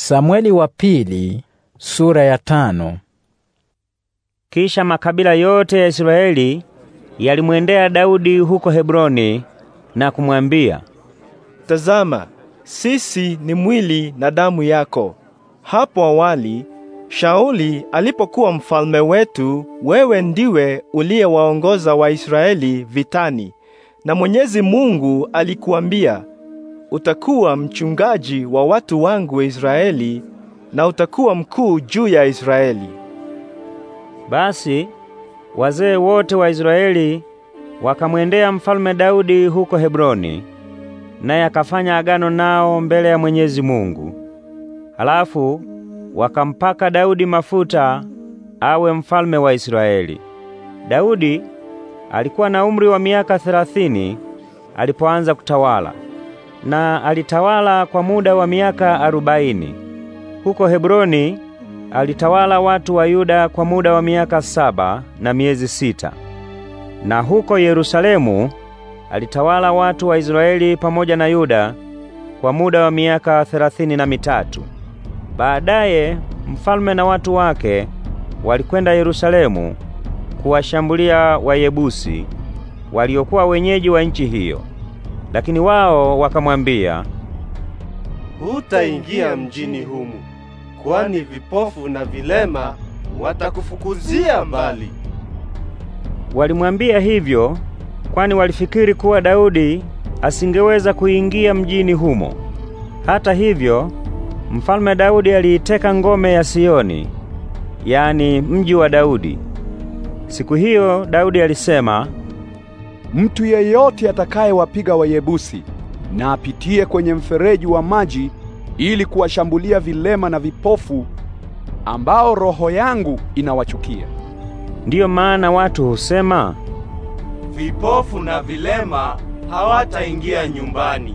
Samweli wa pili, sura ya tano. Kisha makabila yote ya Israeli yalimwendea Daudi huko Hebroni na kumwambia, Tazama, sisi ni mwili na damu yako. Hapo awali Shauli alipokuwa mfalme wetu, wewe ndiwe uliyewaongoza Waisraeli vitani, na Mwenyezi Mungu alikuambia utakuwa mchungaji wa watu wangu wa Israeli na utakuwa mkuu juu ya Israeli. Basi wazee wote wa Israeli wakamwendea mfalme Daudi huko Hebroni, naye akafanya agano nao mbele ya Mwenyezi Mungu. Halafu wakampaka Daudi mafuta awe mfalme wa Israeli. Daudi alikuwa na umri wa miaka thelathini alipoanza kutawala na alitawala kwa muda wa miaka arobaini. Huko Hebroni alitawala watu wa Yuda kwa muda wa miaka saba na miezi sita, na huko Yerusalemu alitawala watu wa Israeli pamoja na Yuda kwa muda wa miaka thelathini na mitatu. Baadaye mfalme na watu wake walikwenda Yerusalemu kuwashambulia Wayebusi waliokuwa wenyeji wa nchi hiyo. Lakini wao wakamwambia, hutaingia mjini humu, kwani vipofu na vilema watakufukuzia mbali. Walimwambia hivyo kwani walifikiri kuwa Daudi asingeweza kuingia mjini humo. Hata hivyo, Mfalme Daudi aliiteka ngome ya Sioni, yaani mji wa Daudi. Siku hiyo Daudi alisema, Mtu yeyote atakayewapiga Wayebusi na apitie kwenye mfereji wa maji ili kuwashambulia vilema na vipofu ambao roho yangu inawachukia. Ndiyo maana watu husema vipofu na vilema hawataingia nyumbani.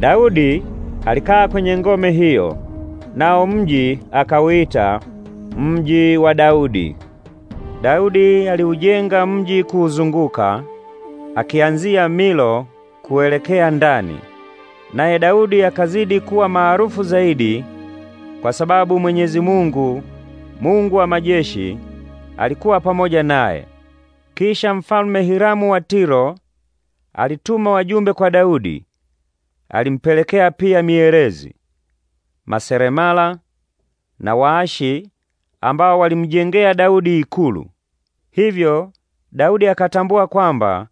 Daudi alikaa kwenye ngome hiyo, nao mji akauita mji wa Daudi. Daudi aliujenga mji kuuzunguka akianzia Milo kuelekea ndani. Naye Daudi akazidi kuwa maarufu zaidi, kwa sababu Mwenyezi Mungu, Mungu wa majeshi, alikuwa pamoja naye. Kisha mfalme Hiramu wa Tiro alituma wajumbe kwa Daudi. Alimpelekea pia mierezi, maseremala na waashi ambao walimjengea Daudi ikulu. Hivyo Daudi akatambua kwamba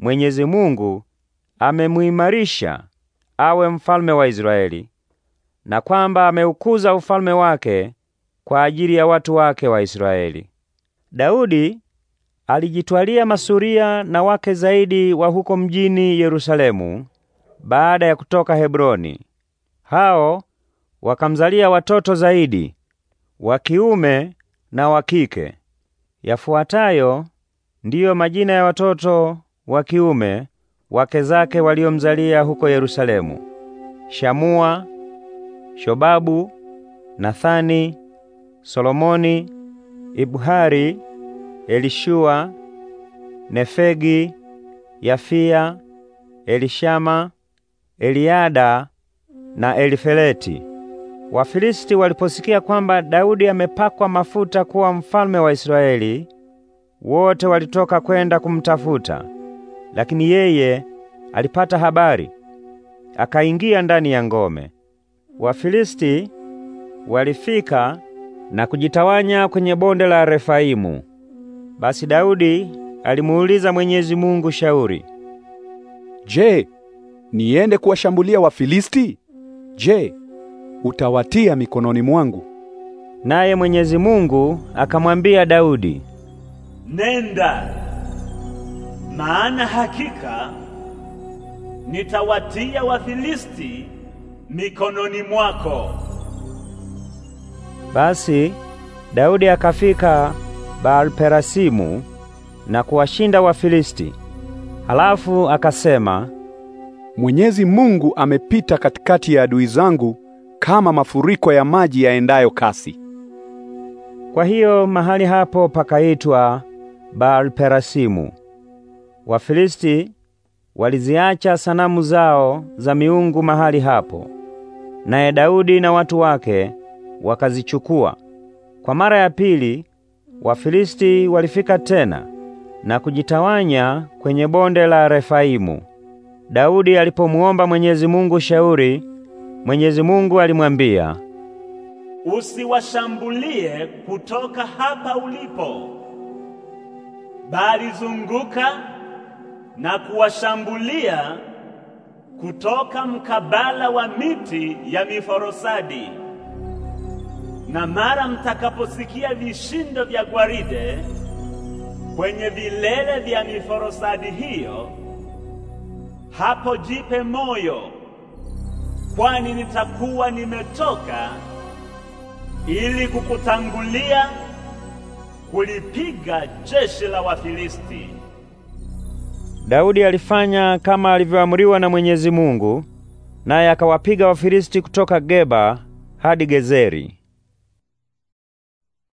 Mwenyezi Mungu amemuimarisha awe mfalme wa Israeli na kwamba ameukuza ufalme wake kwa ajili ya watu wake wa Israeli. Daudi alijitwalia masuria na wake zaidi wa huko mjini Yerusalemu baada ya kutoka Hebroni. Hao wakamzalia watoto zaidi wa kiume na wa kike. Yafuatayo ndiyo majina ya watoto wa kiume wake zake waliomzalia huko Yerusalemu: Shamua, Shobabu, Nathani, Solomoni, Ibhari, Elishua, Nefegi, Yafia, Elishama, Eliada na Elifeleti. Wafilisti waliposikia kwamba Daudi amepakwa mafuta kuwa mfalme wa Israeli, wote walitoka kwenda kumtafuta. Lakini yeye alipata habari, akaingia ndani ya ngome. Wafilisti walifika na kujitawanya kwenye bonde la Refaimu. Basi Daudi alimuuliza Mwenyezi Mungu shauri, Je, niende kuwashambulia Wafilisti? Je, utawatia mikononi mwangu? Naye Mwenyezi Mungu akamwambia Daudi, Nenda maana hakika nitawatia Wafilisti mikononi mwako. Basi Daudi akafika Baalperasimu na kuwashinda Wafilisti. Halafu akasema, Mwenyezi Mungu amepita katikati ya adui zangu kama mafuriko ya maji yaendayo kasi. Kwa hiyo mahali hapo pakaitwa Baalperasimu. Wafilisti waliziacha sanamu zao za miungu mahali hapo, naye Daudi na watu wake wakazichukua. Kwa mara ya pili Wafilisti walifika tena na kujitawanya kwenye bonde la Refaimu. Daudi alipomuomba Mwenyezi Mungu shauri, Mwenyezi Mungu alimwambia, usiwashambulie kutoka hapa ulipo, bali zunguka na kuwashambulia kutoka mkabala wa miti ya miforosadi. Na mara mtakaposikia vishindo vya gwaride kwenye vilele vya miforosadi hiyo, hapo jipe moyo, kwani nitakuwa nimetoka ili kukutangulia kulipiga jeshi la Wafilisti. Daudi alifanya kama alivyoamriwa na Mwenyezi Mungu, naye akawapiga Wafilisti kutoka Geba hadi Gezeri.